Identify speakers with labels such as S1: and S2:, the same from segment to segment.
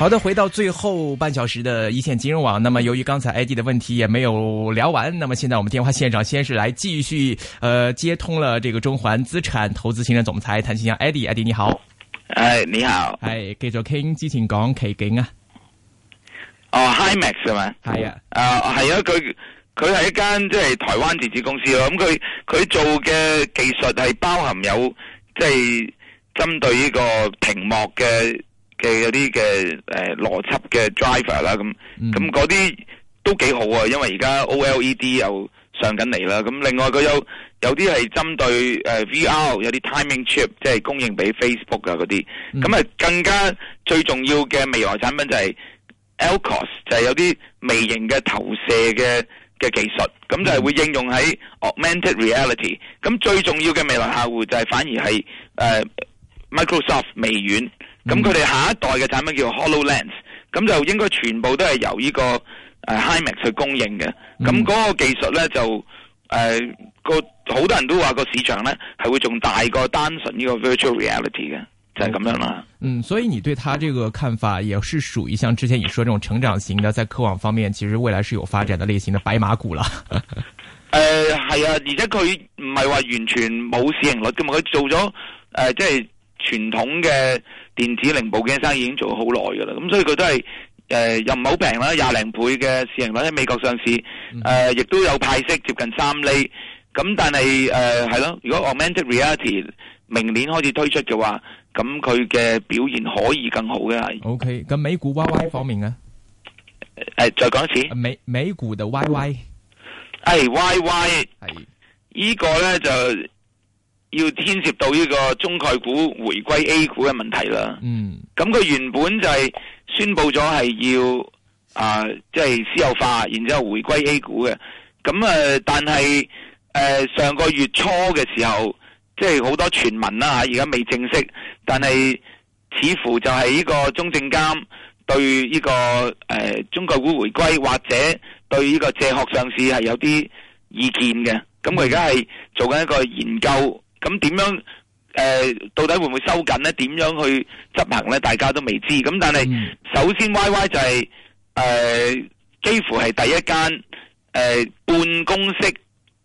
S1: 好的，回到最後半小時的一線金融網。那麼，由於剛才艾迪的問題也沒有聊完，那麼現在我們電話線上先是來繼續呃接通了這個中環資產投資行政總裁譚新陽。艾 d 艾迪你好。哎、hey,，你好。哎，George King 激情講 K King 啊。
S2: 哦、oh,，Hi Max 是嗎？係、uh, 啊。啊，係啊，佢佢係一間即係台灣電子公司咯。咁佢佢做嘅技術係包含有即係、就是、針對呢個屏幕嘅。嘅有啲嘅誒邏輯嘅 driver 啦，咁咁嗰啲都幾好啊，因為而家 OLED 又上緊嚟啦。咁另外佢有有啲係針對誒、呃、VR，有啲 timing chip 即係供應俾 Facebook 啊嗰啲。咁啊更加最重要嘅未來產品就係 LCOS 就係有啲微型嘅投射嘅嘅技術。咁就係會應用喺 Augmented Reality。咁最重要嘅未來客戶就係反而係誒、呃、Microsoft 微軟。咁佢哋下一代嘅產品叫 HoloLens，咁就應該全部都係由呢、這個誒、呃、Himax 去供應嘅。咁嗰個技術咧就誒、呃、個好多人都話個市場咧係會仲大過單純呢個 Virtual Reality 嘅，就係、是、咁樣啦。
S1: 嗯，所以你對他這個看法也是屬於像之前你說這種成長型嘅，在科網方面，其實未來是有發展的類型嘅白馬股啦。
S2: 誒係啊，而且佢唔係話完全冇市盈率噶嘛，佢做咗誒、呃、即係。傳統嘅電子零部件生意已經做好耐噶啦，咁所以佢都係誒、呃、又唔好平啦，廿零倍嘅市盈率喺美國上市，誒、呃、亦都有派息接近三厘，咁但係誒係咯，如果 Augmented Reality 明年開始推出嘅話，咁佢嘅表現可以更好嘅。
S1: O K，咁美股 Y Y 方面咧，
S2: 誒、呃、再講一次，
S1: 美美股嘅 Y
S2: Y，哎，Y Y，依個咧就。要牽涉到呢個中概股回歸 A 股嘅問題啦。嗯，咁佢原本就係宣布咗係要啊，即、呃、係、就是、私有化，然之後回歸 A 股嘅。咁、嗯呃、但係誒、呃、上個月初嘅時候，即係好多傳聞啦，而家未正式，但係似乎就係呢個中證監對呢、這個誒、呃、中概股回歸或者對呢個借殼上市係有啲意見嘅。咁佢而家係做緊一個研究。咁點樣、呃，到底會唔會收緊咧？點樣去執行咧？大家都未知。咁但係首先，Y Y 就係、是、誒、呃，幾乎係第一間誒、呃、半公式、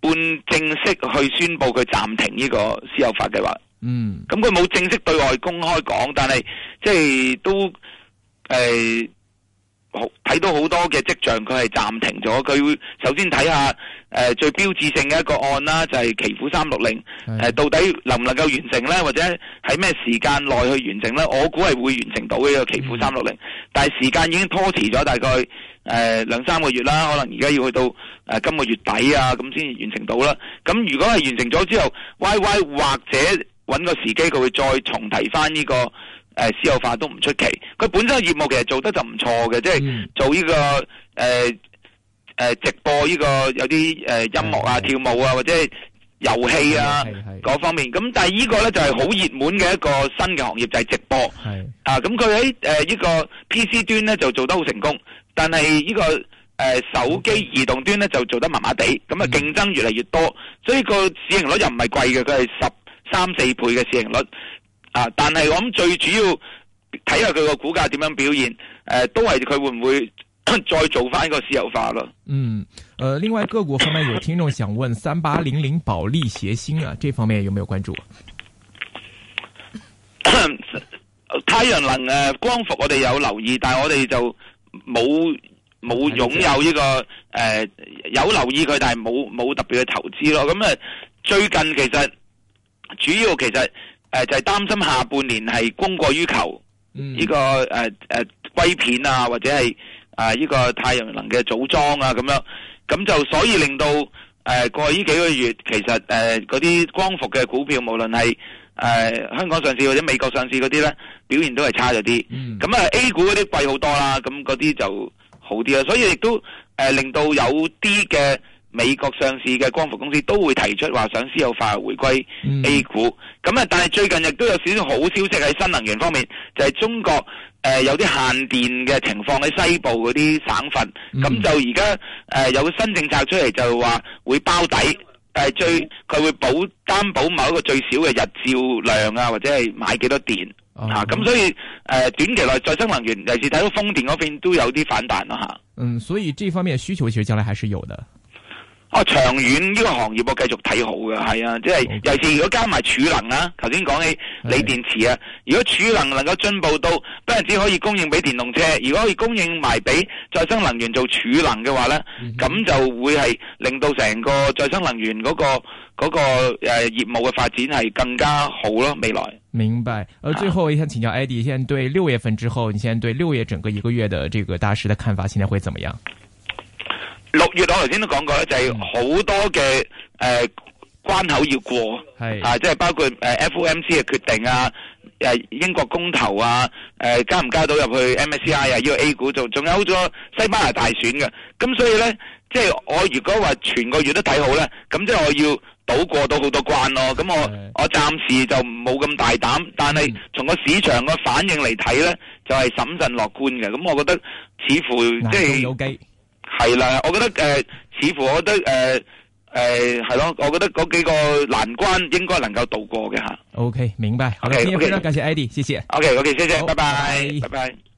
S2: 半正式去宣布佢暫停呢個私有化計劃。嗯。咁佢冇正式對外公開講，但係即係都誒。呃睇到好多嘅跡象，佢係暫停咗。佢會首先睇下、呃、最標誌性嘅一個案啦，就係奇虎三六零，到底能唔能夠完成呢？或者喺咩時間內去完成呢？我估係會完成到呢、呢個奇虎三六零，但係時間已經拖遲咗大概、呃、兩三個月啦，可能而家要去到、呃、今個月底啊，咁先完成到啦。咁如果係完成咗之後，Y Y 或者揾個時機，佢會再重提翻呢、呢個。誒，私有化都唔出奇，佢本身嘅業務其實做得就唔錯嘅，即、嗯、係做呢、呢個誒誒、呃、直播呢個有啲誒、呃、音樂啊、跳舞啊或者係遊戲啊嗰方面。咁但係呢個咧就係好熱門嘅一個新嘅行業就係直播。係啊，咁佢喺誒呢個 PC 端咧就做得好成功，但係呢、呢個誒、呃、手機移動端咧就做得麻麻地。咁啊競爭越嚟越多，所以個市盈率又唔係貴嘅，佢係十三四倍嘅市盈率。啊！但係我諗最主要睇下佢個股價點樣表現，誒、呃，都係佢會唔會 再做翻一個私有化咯？嗯，
S1: 誒、呃，另外個股方面，有聽眾想問三八零零保利協鑫啊，呢方面有冇、啊、 有，有關注？呃、
S2: 太陽能誒、啊，光伏我哋有留意，但係我哋就冇冇擁有呢、這個誒、呃，有留意佢，但係冇冇特別嘅投資咯。咁、嗯、啊，最近其實主要其實。誒，就係、是、擔心下半年係供過於求，呢、嗯這個誒誒硅片啊，或者係啊呢個太陽能嘅組裝啊，咁樣，咁就所以令到誒、呃、過去呢幾個月，其實誒嗰啲光伏嘅股票，無論係誒、呃、香港上市或者美國上市嗰啲咧，表現都係差咗啲。咁、嗯、啊 A 股嗰啲貴好多啦，咁嗰啲就好啲啦。所以亦都誒、呃、令到有啲嘅。美國上市嘅光伏公司都會提出話想私有化回歸 A 股咁啊、嗯，但係最近亦都有少少好消息喺新能源方面，就係、是、中國誒有啲限電嘅情況喺西部嗰啲省份，咁、嗯、就而家誒有個新政策出嚟，就話會包底誒最佢會保擔保某一個最少嘅日照量啊，或者係買幾多電吓咁，哦啊、所以誒短期內再生能源尤其是睇到風電嗰邊都有啲反彈吓、啊。嗯，
S1: 所以這方面需求其實將來還是有的。
S2: 哦，長遠呢個行業我繼續睇好嘅，係啊，即、就、係、是 okay. 尤其是如果加埋儲能啊頭先講起鋰電池啊、哎，如果儲能能夠進步到不單只可以供應俾電動車，如果可以供應埋俾再生能源做儲能嘅話咧，咁、嗯、就會係令到成個再生能源嗰、那個嗰、那個誒、呃、業務嘅發展係更加好咯，未來。
S1: 明白。而、呃啊、最後，我想請教 Eddie 現在對六月份之後，你現在對六月整個一個月的這個大市的看法，現在會怎麼樣？
S2: 六月我頭先都講過咧，就係、是、好多嘅誒、呃、關口要過，啊，即、就、係、是、包括誒、呃、FOMC 嘅決定啊，誒、啊、英國公投啊，誒加唔加到入去 MSCI 啊，呢、這個 A 股仲仲有好多西班牙大選嘅，咁所以咧，即、就、係、是、我如果話全個月都睇好咧，咁即係我要渡過到好多關咯，咁我我暫時就冇咁大膽，但係從個市場嘅反應嚟睇咧，就係、是、審慎樂觀嘅，咁我覺得似乎即係。就是係啦，我覺得誒、呃，似乎我覺得誒誒係咯，我覺得嗰幾個難關應該能夠渡過嘅吓。
S1: OK，明白。好，唔該非常感謝 Eddie，謝謝。
S2: O K，O K，謝謝，拜拜，拜拜。Bye bye